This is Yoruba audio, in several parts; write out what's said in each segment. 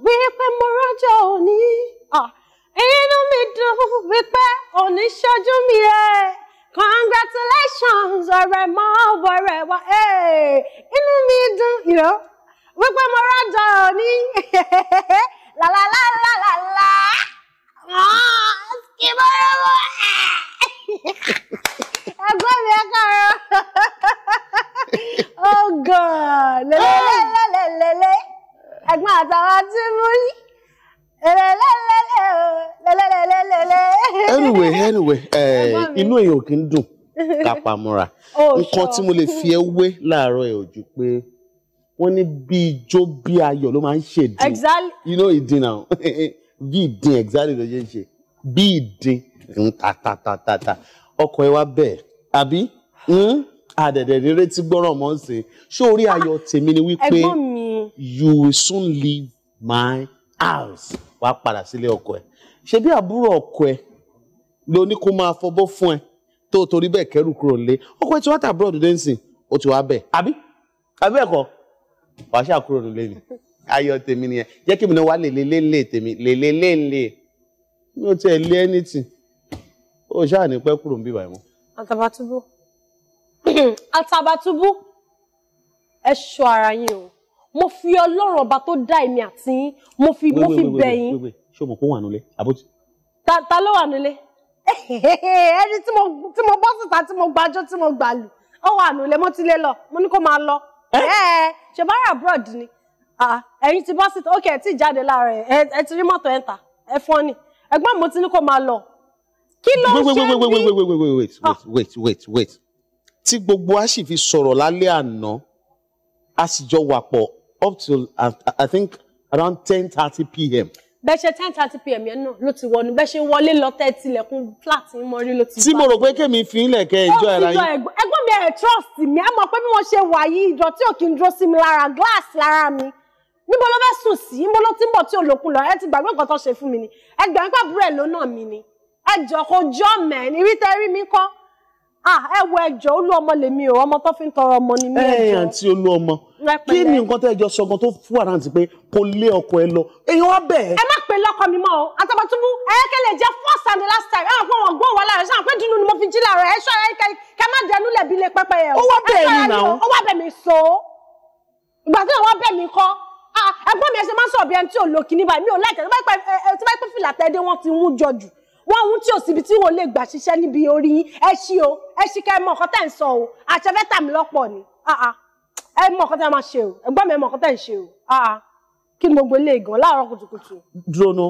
wípé mo rọ́jọ́ òní inú mi dùn wípé òní ṣojú mi ẹ̀ congratulations ọ̀rẹ́ mọ́ ọ̀rẹ́ wa inú mi dùn wípé mo rọ́jọ́ òní làlàlàlàlà ah, kí mo rọ́jọ́ ẹ̀. anyway eh, inú èèyàn kì í dùn ká pamọ́ra oh, nǹkan tí mo lè fi ẹ wé láàárọ̀ ẹ̀ ojú pé wọ́n ní bí ijó bí ayọ̀ ló máa ń ṣe dín you know ìdín náà bí ìdín exactly ló ṣe ń ṣe bí ìdín tatatata ọkọ̀ ẹ wá bẹ́ẹ̀ àbí àdẹ̀dẹ̀ hmm? rere tí gbọ́ràn mọ́ ń sè ṣé orí ayọ̀ tèmi ni wípé you will soon leave my house wàá padà sílé ọkọ ẹ ṣebí àbúrò ọkọ ẹ ló ní kó máa fọbọ́ fún ẹ tó o torí bẹ́ẹ̀ kẹ́rù kúrò lé ọkọ tí wọ́n abroad dé nsìn o ti wá bẹ̀. àbí àbí ẹ̀kọ́ wàá ṣáà kúrò nílé mi ayọ̀ tèmi nìyẹn jẹ́ kí mi náà wá lèlélélè tèmi lèlélélè mi ò tiẹ̀ lé anything ó ṣáà ní pẹ́ kúrò ń bíbà ẹ̀mọ́. Àtàbàtúbú Àtàbàtúbú ẹ ṣọ́ ara yín o mo fi Ọlọ́run ọba tó dá èmi àti yín mo fi mo fi bẹ̀ yín. ṣé o mọ̀ kó wà nílé àbótí. ta ta ló wà nílé. ẹni tí mo bọ́ síta tí mo gbàjọ́ tí mo gbàlù ó wà nù lẹ́mọ́ tí lé lọ mo ní kó máa lọ ṣe bá rà abroad ni ẹ̀yin ti bọ́ síta ókè ẹ̀ tí ì jáde láàárọ̀ ẹ ti rí mọ́tò ẹ̀ńtà ẹ fọ́n ni ẹ̀gbọ́n mo ti ní kó máa lọ kí ló ń ṣe bí. wait wait wait tí gbogbo a sì fi sọ̀rọ̀ lálẹ́ àná a sì jọ wà pọ̀ up till i think around ten thirty pm bẹ́ẹ̀ ten thirty pm yẹn náà ló ti wọnú bẹ́ẹ̀ ṣe wọlé lọ tẹ́ tilẹ̀kùn flat ní mọ́rí ló ti bá. tí mo rò pé kémi fi ń lẹ̀kẹ́ ìjọ ara yín. ẹ̀gbọ́n mi ẹ trust mi a mọ̀ pé bí wọ́n ṣe wà yìí ìdọ̀tí ò kí ń dúró sí mi lára glass lára mi níbo ló fẹ́ sùn sí níbo ló ti ń bọ̀ tí olókun lọ ẹ ti gbàgbé nǹkan tó ṣe fún mi ni ẹgbẹ̀rún pàbúrẹ̀ ló náà mi ni ẹjọ́ kò jọ́ mẹ́rin rí tẹ́rí mi kọ́ ah ẹ wo ẹjọ olú ọmọ lèmi o ọmọ tó fi ń tọrọ ọmọ ni mí ẹjọ ẹ àǹtí olú ọmọ kí ni nǹkan tẹ ẹjọ sọgan tó fún àrántí pé kò lé ọkọ ẹ lọ èèyàn wá bẹ ẹ. ẹ má pè lọkọ mi mọ o àtàbàtúbú ẹyẹkẹlẹ jẹ first and the last time ẹ wà fún wọn gbọ wà lára ṣáà pé dunu ni mo fi jí lára ẹ ṣọ ẹ kẹ má dẹnu lẹbi lè pẹpẹ yẹ o. ó wá bẹ ẹ nínà o. ó wá bẹ mi so ìgbà tí wọn wá bẹ mi kọ ah, ẹ̀gbọ́n mi ẹ ṣe máa ń sọ ọbẹ ẹni tí ò lò kíní báyìí mi ò láì tẹ wọ́n ohun tí ò síbi tí wọ́n lè gbà ṣiṣẹ́ níbi orí ẹ ṣí o ẹ ṣí ká ẹ mọ ọ̀kan tẹ̀ ń sọ o àṣẹ fẹ́ tà mí lọ́pọ̀ ni ah, ah. ẹ mọ ọ̀kan tẹ̀ máa ṣe o ẹgbọ́n mi ẹ mọ ọ̀kan tẹ̀ ń ṣe o ah, kí ni gbogbo ilé ìgàn láàárọ̀ kùtùkùtù. drono.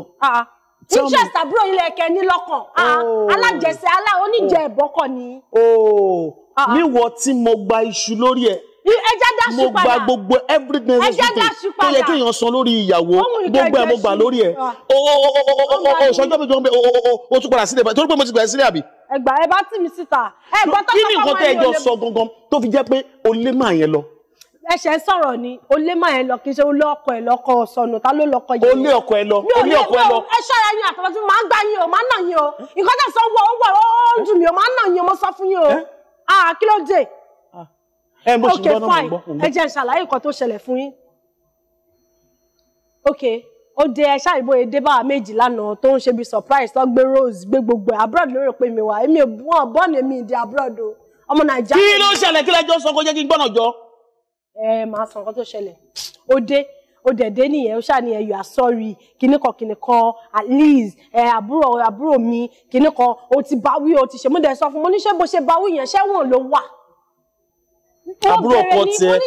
interest àbúrò ilé ẹ̀kẹ́ ní lọ́kàn oh. alájẹsẹ̀ oníjẹ ẹ̀bọ́kọ̀ ni. Oh. níwọ̀ tí mo gba iṣu lórí ẹ̀ ẹja dáṣu padà mo gba gbogbo everything ẹja dáṣu padà tó yẹ kí èèyàn san lórí ìyàwó gbogbo ẹ mo gbà lórí ẹ ah. o o o o o o o sọjọ́ mi tó ń bẹ o o o o tún padà sílẹ̀ torí pé mo ti gbà sílẹ̀ àbí. ẹgbà ẹ bá tì mí síta ẹ gbọ́ tọ́kọ́ kí ni nǹkan tẹ́ ẹ jọ sọ gangan tó fi jẹ́ pé o lè máa yẹn lọ ẹsẹ̀ ń sọ̀rọ̀ ni o lé máa ẹ lọ kì í ṣe o lé ọkọ ẹ lọkọ sọnù ta ló lọkọ yìí. o lé ọkọ ẹ lọ o lé ọkọ ẹ lọ. ẹ ṣọ́ra yín àtàwọn tí mo máa ń gbá yín o máa ń nà yín o nǹkan tẹ̀sán wọ ó wọ ó ń dùn mí o máa ń nà yín o mo sọ fún yín o. Ah, kí ló dé ẹ bó ṣe gbọ́ náà mo gbọ́. ẹ jẹ́ ṣàlàyé nǹkan tó ṣẹlẹ̀ fún yín. méjì lánàá tó ń ṣe bí surprise tó gbé rose gbé gbogbo abroad lórí pé mi wà èmi ò wọ́n èmi ìdí abroad o ọmọ nàìjíríà. kí ló ṣẹlẹ̀ kí lẹ́jọ́ sọ kó jẹ́ kí n gbọ́nà jọ. ẹ máa sọ nǹkan tó ṣẹlẹ̀ ó Ode, ó dẹ̀ dé nìyẹn ó ṣáà ní ẹ̀yọ̀ àsọ̀rì kìnnìkan kìnnìkan at least ẹ̀ àbúrò àbúrò mi kìnnìkan ó ti báwí ó ti ṣe mú dẹ̀ sọ fún mo ní bó ṣe báwí yẹn ṣẹ́wọ̀n ló wà àbúrò ọkọ tiẹ̀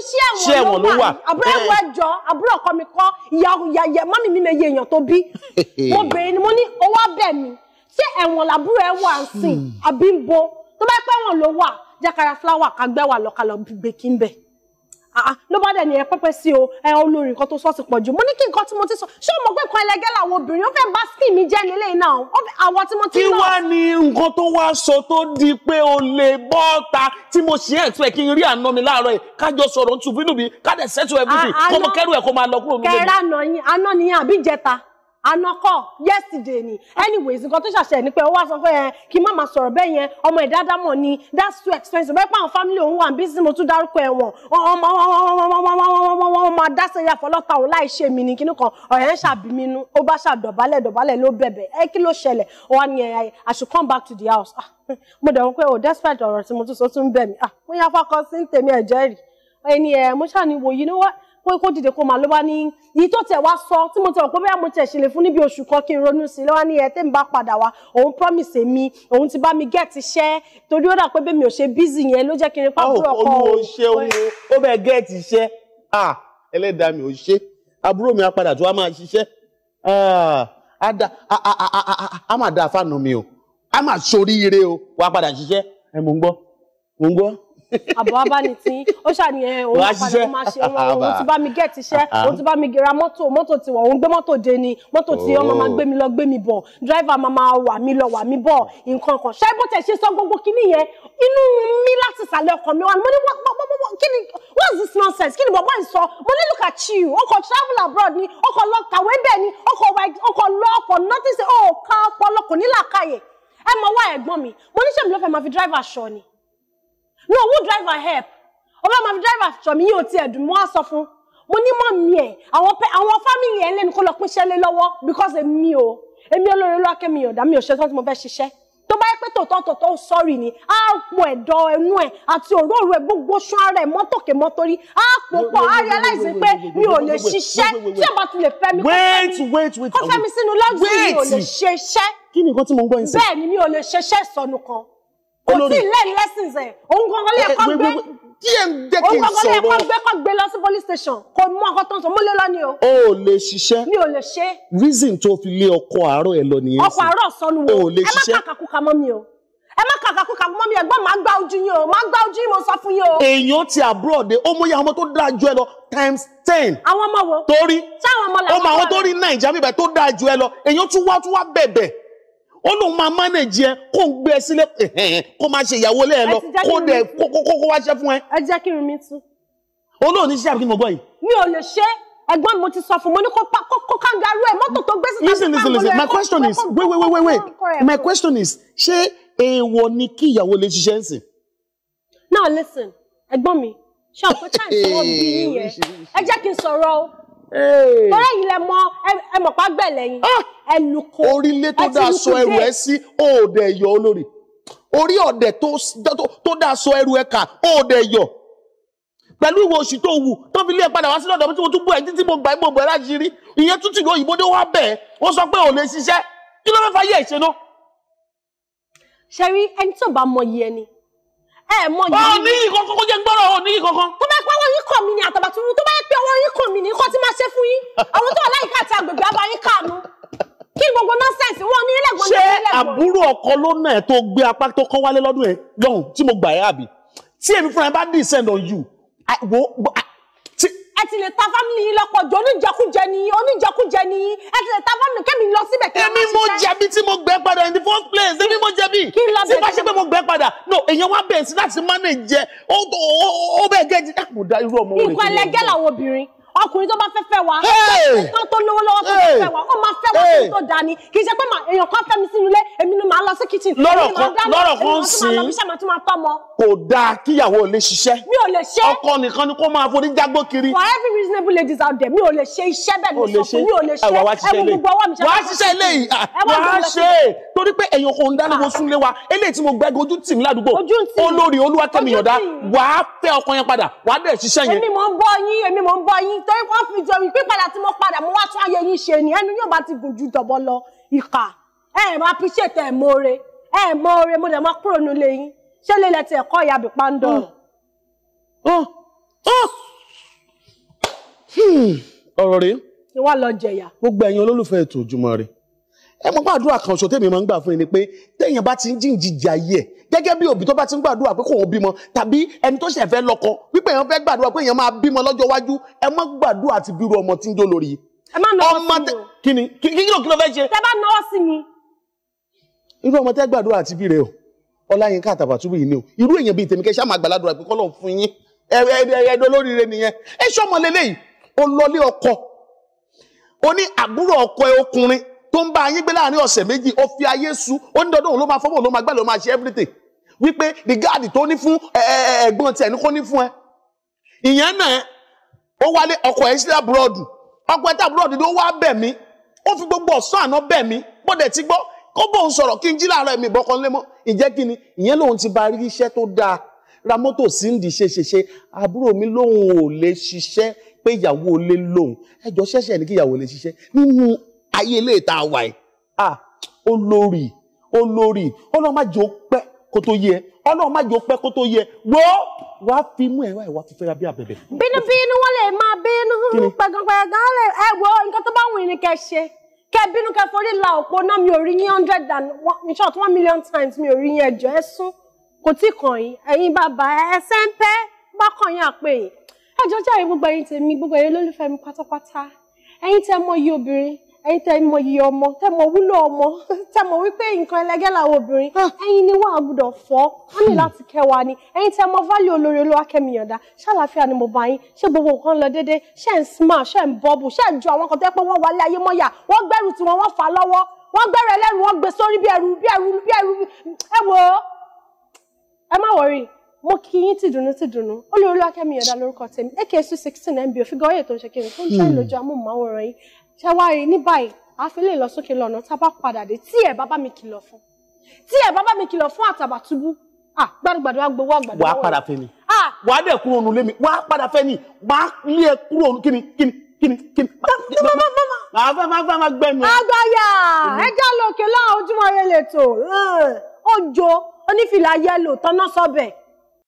ṣé ẹ̀wọ̀n ló wà. àbúrò ẹwọ ẹjọ àbúrò ọkọ mi kọ ìyá ìyá mọ́mì mi mẹ́yẹ èèyàn tó bí mo bèèrè ni mo ní owó abẹ́ mi ṣé ẹ̀wọ̀n làbúrò ẹwọ à ń sìn hmm. àbí ń bo tó bá pẹ́ wọn ló wà jákàrà fúláwà kágbẹ́wà lọ́kàlọ́ gbé kí ń bẹ̀. Ah, ah, ló bá dẹ̀ ní ẹ pẹ́pẹ́ sí o ẹ olórí nǹkan tó sọ ti pọ̀ jù mo ní kí nǹkan tí mo ti sọ ṣé o mọ̀ pé kan ẹlẹgẹ́ làwọn obìnrin ó fẹ́ bá skin mi jẹ́ nílé náà àwọn tí mo ti lọ. kí wá ni nǹkan to wa sọ tó di pé o lè bọ́ ta tí mo ṣe ẹ̀tọ́ ẹ̀ kí n rí àná mi láàárọ̀ yìí kájọ sọ̀rọ̀ ń tu bínú mi ká settle everything ah, kọ́mọ kẹ́rù ẹ̀ kó máa lọ kúrò nílé mi. kẹ́rẹ́ àná yín àná nìyẹn àbí ìjẹta anakọ yesterday ni anyways nǹkan tó ṣàṣẹ ni pé ó wá sọ pé ẹ kí má máa sọ̀rọ̀ bẹ́ẹ̀ yẹn ọmọ ẹ̀ dáadáa mọ̀ ni that's too expensive bẹ́ẹ̀ pé àwọn family òun wà bí mo tún dárúkọ ẹ̀ wọ̀n wọ́n máa dá sẹ́yà òun láì ṣe mí ní kinní kan ọ̀rẹ́ ń ṣàbímínú ó bá ṣàdọ̀bálẹ̀ dọ̀bálẹ̀ ló bẹ̀bẹ̀ ẹ kí ló ṣẹlẹ̀ wà ní ẹ̀ I should come back to the house ah, mo dẹ̀ wọ́n pé o oh, despite ọ̀rọ̀ tí mo tún sọ tún bẹ̀ mí ah mo yà fọkọ sí tèmi ẹ̀ jẹ́rìí ẹni ẹ̀ mo ṣàníwò you know what pé kó dìde kó máa ló bá ní yìí tó tẹ̀ wá sọ tí mo tẹ̀ wọ́n pé bẹ́ẹ̀ mo tẹ̀ ṣe lè fún níbi oṣù kan kí n ronú sí i lọ́wọ́ ní ẹ tẹ́ mi bá padà wá òun promise mi òun ti bá mi get iṣẹ́ torí ó dà pé bẹ́ẹ̀ mi ò ṣe busy yẹn ló jẹ́ kí n pa ah, àbúrò ọkọ òun. olùwò ṣe òun ó bẹ get iṣẹ́ ah ẹlẹ́dàá mi ò ṣe àbúrò mi apadà tó a máa ṣiṣẹ́ a máa da àfààní mi o a máa ṣoríire o wàá padà ṣiṣẹ́ ẹ mò ń gbọ́ mò ń gbọ́ àbọ̀ abánití ó ṣàní ẹ òun padà ó máa ṣe wọn ah, ah, ah. òun ti bá mi gẹ̀ tiṣẹ́ òun ti bá mi gẹ̀ra mọ́tò mọ́tò tiwọn òun gbé mọ́tò dé ni mọ́tò tí ọmọ máa oh. gbé mi lọ gbé mi bọ̀ dráìvà máa máa wà mí lọ wà mí bọ̀ nǹkan kan ṣáà bó tẹ̀ ṣe sọ gbogbo kíní yẹn inú mi láti sàlẹ̀ ọkàn mi wà mo ní kíni what's this nonsense kíni bàbá yìí sọ mo ní look at you ọkọ̀ travel abroad ni ọkọ̀ lọ kàwé bẹ́ẹ̀ ni ọkọ̀ lọ ọkọ̀ nothing say ó ká ọpọlọ kò ní làákàyè ẹ mọ wá ẹ̀gbọ́n mi mo ní sẹ́mi ló fẹ́ máa fi driver ṣọ ni no who drive driver help ọba ma fi driver sọ mi yóò tiẹ̀ dùn mọ́ àsọ fún mo ní mọ̀ mi ẹ̀ àwọn pẹ́ àwọn fámìlì ẹ̀ lẹ́nu kó lọ pín iṣẹ́ lé lọ́wọ́ because èmi o èmi olórin ló akẹ́mi ọ̀dà mi ò ṣe tán tí mo fẹ́ ṣiṣẹ́ tó bá yẹ pé tòótọ́ tòótọ́ sọ́ọ̀rì ni á po ẹ̀dọ̀ ẹnu ẹ̀ àti òróró ẹ̀ gbogbo sún ara ẹ̀ mọ́tòkè mọ́tórí á po pọ̀ á realize pé mi ò lè ṣiṣẹ́ tí ọba ti lè fẹ́ mi kó fẹ́ mi sínú lọ́gbìn mi ò lè ṣe iṣẹ́ bẹ́ẹ̀ ni mi ò lè ṣe iṣẹ́ ìsọnù kan kò tí ì lẹ́ẹ̀ lessons ẹ̀ òun gangan lẹ́ẹ̀kọ́ eh, eh, gbé díẹ̀ ń jẹ́ kí n sọ̀rọ̀ òun gangan lẹ́ẹ̀kọ́ gbé kọ́ lọ sí police station kò mọ ọkọ tó ń sọ mo lé lọ ni o. o lè ṣiṣẹ́ mi ò lè ṣe. reason tó fi lé ọkọ àárọ̀ ẹ lọ nìyẹn sí ọkọ àárọ̀ sọnù wo ẹ má kàkàkùkà mọ́ mi o ẹ má kàkàkùkà mọ́ mi ẹ̀gbọ́n máa gbá ojú yín o máa gbá ojú yín mo sọ fún yín o. èèyàn ti abroad ó mọ ọmọ tó dáa ju ẹ lọ times ten. àwọn ọmọ wo torí ọmọ àwọn tó rí nàìjíríà bíbẹ tó dáa ju ẹ lọ èèyàn tún wá tún wá bẹ̀bẹ̀ ó lóun máa manage ẹ kó ń gbé ẹ sílé kó máa ṣe ìyàwó lẹ́ẹ̀ lọ kó dẹ̀ kó wá ṣẹ́ fún ẹ. ẹ jẹ́ kí n mi tú. olóòní ṣiṣẹ́ àbí kí mo gbọ́ yìí. mi ò lè ṣe ẹ̀gbọ́n mo ti sọ fún mo ní kó kangaroo ẹ mọ́tò tó gbé síta. listen listen listen my question is wait wait wait wait my question is ṣé èèwọ̀ ni kí ìyàwó lè ṣiṣẹ́ ń sìn. now listen ẹ̀gbọ́n mi ṣe ọ̀pọ̀ chance wọ́n bí yín yẹn ẹ jẹ́ kí n sọ̀rọ̀ o tọ́lá yìí lẹ mọ ẹ mọ̀ pa gbẹ̀lẹ̀ yìí ah! ẹ lu ko orílẹ̀ tó dáa sọ ẹrù ẹ sí òòdẹ ẹ̀yọ́ olórí orí ọ̀dẹ̀ tó dáa sọ ẹrù ẹ kà òòdẹ ẹ̀yọ́ pẹ̀lú ìwọ oṣù tó wù tó fi lé ẹ padà wá sí lọ́dọ̀ mi tí mo tún bú ẹ títí mo gbà ẹ mo bọ̀ ẹ láti rí ìyẹn tún tìlú òyìnbó dé wá bẹ̀ ó sọ pé ò lè ṣiṣẹ́ kí ló fẹ́ fà yẹ ìṣe náà. ṣe rí ẹni tó bá mọ iye ẹni ẹ mọ iye ẹni. ọ ní ìkọ̀kọ̀ kó jẹ́ gbọ́rọ̀ ọ ní ìkọ̀kọ̀. tó b kàn mí ni Àtàbàtúbú tó bá yẹ pé ọwọ́ yín kàn mí ni nǹkan tí máa ṣe fún yín àwọn tó wà láyìíká àti agbègbè abayín kàánú kí gbogbo nọ́sẹ̀sì wọn ní ilẹ̀gbọ́n ní ilẹ̀gbọ́n. ṣé àbúrò ọkọ ló nà ẹ tó gbé apá tó kọ́ wálé lọ́dún ẹ lọ́hùn tí mo gbà ẹ́ àbí tí èmi fúnra ẹ bá descend on you ẹ ti lè ta fámìlì yín lọ́pọ̀ jù oníjẹkújẹ ni oníjẹkújẹ ni ẹ ti lè ta fámìlì kẹ́mi lọ síbẹ̀ kí wọ́n máa èmi mo jẹ̀bi tí mo gbẹ padà in the first place èmi mo jẹ̀bi tí bá ṣe pé mo gbẹ padà no èèyàn wá bẹ̀rẹ̀ sí láti manage ó bẹ̀ gẹ́jì ẹ̀ kò dá irú ọmọ rẹ̀ kí ló ń bọ̀. nǹkan ẹlẹgẹ́ làwọn obìnrin ọkùnrin tó bá fẹ́ fẹ́ wa ọkùnrin tó lówó lọ́wọ́ tó fẹ́ wa ó máa fẹ́ wa kí tó dání kì í ṣe pé èèyàn kan fẹ́ mi sínú ilé èmi ni màá lọ sí kitchen lọ́rọ̀ kan lọ́rọ̀ kan sí kò dáa kíyàwó ò lè ṣiṣẹ́ ọkọ nìkan ni kó máa forí jágbó kiri for every reasonable ladies out there mi ò lè ṣe iṣẹ́ bẹ́ẹ̀ mi sọ mi ò lè ṣe ẹwọ gbogbo ọwọ́ mi ṣe wàá ah, ṣe torí pé èèyàn kò ń dáná ah. sún lé wa eléyìí tí mo gbẹ́gi ojú tì mí ládùúgbò olórí olúwakẹ́mi yọ̀dá wàá fẹ́ ọkọ yẹn padà wàá dẹ̀ ṣiṣẹ́ yẹn èmi mò ń bọ́ yín èmi mò ń bọ́ yín nítorí wọ́n fi jọ wípé padà tí mo padà mo wá tún ayé yín ṣe ni ẹnu yóò bá ti gùn ju tọ̀bọ lọ ìkà ẹ ẹ máa fi ṣètò ẹ mọ́re ẹ ẹ mọ́re mo dẹ̀ máa kúrò nílé yín ṣé lè lẹ́tì ẹ̀kọ́ ìyá àbí pàǹdọ̀. Oh. Oh. Oh. Hmm. ọ̀rọ̀ rèé. ni lọ jẹ̀yà. gbogbo ẹ̀yin olólùfẹ́ ètò Ojúmọ́ Ire ẹ mọ́ gbàdúrà kan ṣo tèmi máa ń gbà fún yín ni pé téèyàn bá ti ń jíǹjìjà yẹ gẹ́gẹ́ bí òbí tó bá ti ń gbàdúrà pé kò wọ́n bímọ tàbí ẹni tó ṣẹ̀ fẹ́ lọ́kọ wípé èèyàn fẹ́ gbàdúrà pé èèyàn máa bímọ lọ́jọ́ iwájú ẹ mọ́ gbàdúrà ti bírú ọmọ tí ń jó lórí. ẹ má náwó sí mi o kíni kí kí ló kí ló fẹ́ ṣe. tẹ bá náwó sí mi. irú ọmọ tẹ gbàdúrà ti bí rẹ o Ọláyínká Àtàbàtúbú ni o irú èèyàn bíi o lọlé ọkọ o ní tó ń bá ayé gbé láàrin ọ̀sẹ̀ méjì ó fi ayé su ó ní dandan òun ló máa fọ́bọ̀ ló máa gbẹ́ ló máa ṣe everything wípé rìgáàdì tó ní fún ẹ̀gbọ́n tiẹ̀ ní kó ní fún ẹ. ìyẹn náà ó wálé ọkọ̀ ẹ̀ sí abúrọ̀dù ọkọ̀ ẹ̀ tábúrọ̀dù ló wá bẹ̀ mí ó fi gbogbo ọ̀sán àná bẹ̀ mí bọ́dẹ̀ ti gbọ́ kó bóun sọ̀rọ̀ kí n jí láàárọ̀ ẹ̀mí ìbọ̀kan lé mọ́ ìjẹ́ kí ni ìyẹn lòun ti ba rí iṣẹ́ tó dáa ra mọ́tò sí ń di ṣeṣeṣe àbúrò mi lòun ò lè ṣiṣẹ́ pé ìyàwó lé lòun ẹjọ́ ṣẹ̀ṣẹ̀ ní kí ìyàwó lè ṣiṣẹ́ nínú ayé ilé ìta wà yìí ah olórí olórí ọlọ́run má jẹ́ ó pẹ́ kó tó yẹ ọlọ́run má jẹ́ ó pẹ́ kó tó yẹ gbó wàá fi mú ẹ̀rọ ìwà fífẹ́ ra bí abẹ̀bẹ̀. bínúbínú wọn lè máa bínú pẹ̀gànpẹ̀gàn lè ẹ wo nǹkan tó bá wù ní kẹ́ ṣe kẹ́ bínú kẹ́ forí la òpó náà mi ò rí yín hundred and one in short one million times mi ò rí yín ẹjọ́ ẹ sún kò tí kàn yín ẹ̀yin bàbá ẹsẹ̀ ń pẹ́ bá kàn yín àpè yín ẹjọ́ jẹ́ àyè gbogbo ẹ̀yin tèmi gbogbo ẹ̀yin lólùfẹ́ mi pátápátá ẹ̀yin tẹ́ mọ iye obìnrin ẹ̀yin tẹ́ mọ iye ọmọ tẹ́ mọ wúlò ọmọ tẹ́ mọ wípé nǹkan ẹlẹgẹ́ làwọn obìnrin ah. ẹ̀yin ni wọn àgùdọ̀ fọ́ wọn ní hmm. láti kẹwàá ni ẹ̀yin tẹ́ mọ fálì olórí olúwakẹ́mi yọ̀ǹda ṣàlàfíà ni mo bá yín ṣé gbogbo nǹkan lọ déédéé ṣé ń smart ṣé ń bọ́bù ṣé ń ju àwọn kan tẹ́ pé wọ́n wálé ayé mọ́yà wọ́n gbẹ́rù tiwọn wọ́n fà lọ́wọ́ wọ́n gbẹ́rù ẹlẹ́rù wọ́n gbé sórí bí ẹrù bí ẹrù bí ẹrù ẹ wò ó ẹ má wọrí mo kí yín tìdùnnú tìdùnnú olórí olúwakẹ́mi yọ̀ǹda lórúkọ tèmi ak two sixteen mbo fígọ́ ọ̀yẹ̀ tó ń ṣe kí n tó ń ṣe ìlójú hmm. amóhùnmáwòrán yìí ṣe wá rí ní báyìí àfi lè lọ sókè lọ́nà tá a bá padà dé tí ẹ̀ bàbá mi kìlọ̀ fún tí ẹ̀ bàbá mi kìlọ̀ fún Àtàbàtúbú ah gbàdúgbàdú agbowó àgbàdo wàá padà fẹ́ mi wàá dẹ̀ kúrò nù lémi wàá padà fẹ́ mi wàá lé ẹ kúrò nù kíni kíni kíni kíni. màá fẹ́ máa fẹ́ máa gbẹ́nu. agbáyà ẹja lókè láwọn ojúmọ́ rẹ̀ lè tò ọjọ́ onífìlà yẹ́lò tọ́nà sọ́bẹ̀.